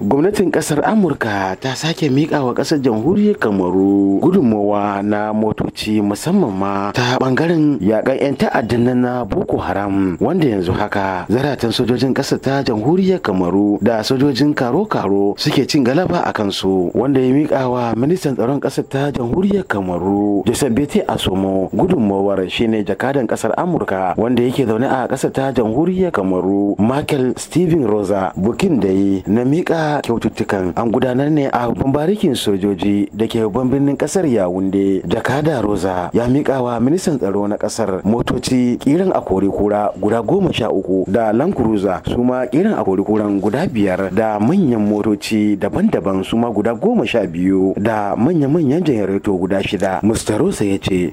gwamnatin kasar amurka ta sake miƙa wa kasar jamhuriyar kamaru gudunmowa na motoci musamman ma ta bangaren yakan 'yan ta'addan na boko haram wanda yanzu haka zaratan sojojin kasar ta jamhuriyar kamaru da sojojin karo-karo suke cin galaba a kansu wanda ya miƙa wa ministan tsaron kasar ta jamhuriyar kamaru joseph asomo gudunmowar shine jakadan kasar amurka wanda yake zaune a kasar ta jamhuriyar kamaru michael steven rosa bukin da yi na miƙa kyaututtukan an gudanar ne a babban barikin sojoji da ke babban birnin kasar yawunde jakada roza ya miƙa ministan tsaro na kasar motoci kiran akori kura guda goma sha uku da land cruiser su ma kiran akori kuran guda biyar da manyan motoci daban-daban suma ma guda goma sha biyu da manya-manyan janareto guda shida mr rosa ya ce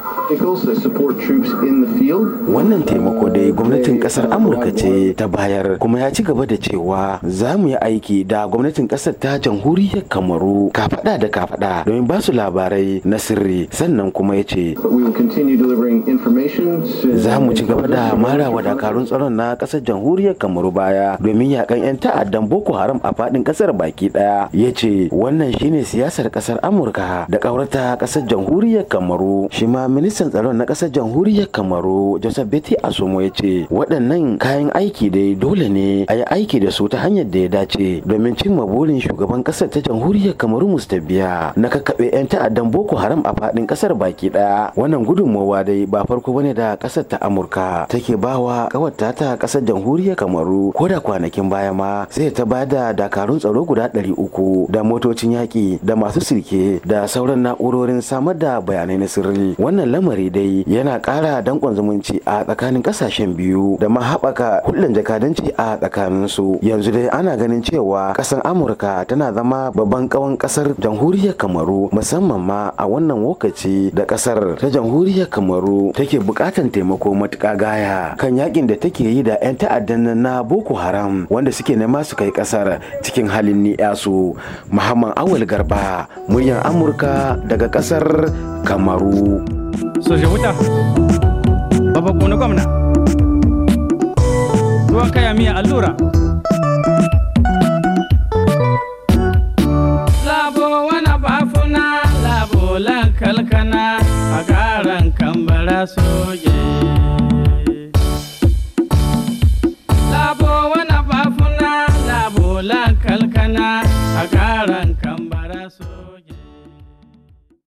Wannan taimako dai gwamnatin kasar Amurka ce ta bayar kuma ya ci gaba da cewa za mu yi aiki da gwamnatin kasar ta jamhuriyar Kamaru kafada da kafada domin ba su labarai na sirri sannan kuma ya ce za mu ci gaba da wa dakarun tsaron na kasar jamhuriyar Kamaru baya domin yakan 'yan ta'addan Boko Haram a faɗin kasar baki ɗaya ya ce wannan shine siyasar kasar Amurka da ƙaurata kasar jamhuriyar Kamaru shi ma ministan tsaron na kasar jamhuriyar Kamaru kamaru joseph beti asomo ya ce waɗannan kayan aiki dai dole ne a yi aiki da su ta hanyar da ya dace domin cimma burin shugaban ƙasar ta jamhuriyar kamaru mustabiya na kakkaɓe 'yan ta'addan boko haram a faɗin ƙasar baki ɗaya wannan gudunmawa dai ba farko bane da ƙasar ta amurka take bawa kawata ta ƙasar jamhuriyar kamaru ko da kwanakin baya ma sai ta ba da dakarun tsaro guda ɗari uku da motocin yaƙi da masu sirke da sauran na'urorin samar da bayanai na sirri wannan lamari dai yana ƙara danƙon danƙon zumunci a tsakanin ƙasashen biyu da ma haɓaka hulɗan jakadanci a tsakaninsu yanzu dai ana ganin cewa ƙasar amurka tana zama babban ƙawan ƙasar jamhuriyar kamaru musamman ma a wannan lokaci da ƙasar ta jamhuriyar kamaru take buƙatar taimako matuƙa gaya kan yakin da take yi da 'yan ta'addan na boko haram wanda suke nema su kai ƙasar cikin halin ni'yasu muhammad awal garba muryar amurka daga ƙasar kamaru. So, baba gona gwamna ruwan kaya miya allura labo wana bafuna labo lan kalkana a karan kambara soje labo wana bafuna labo kalkana a karan kambara soje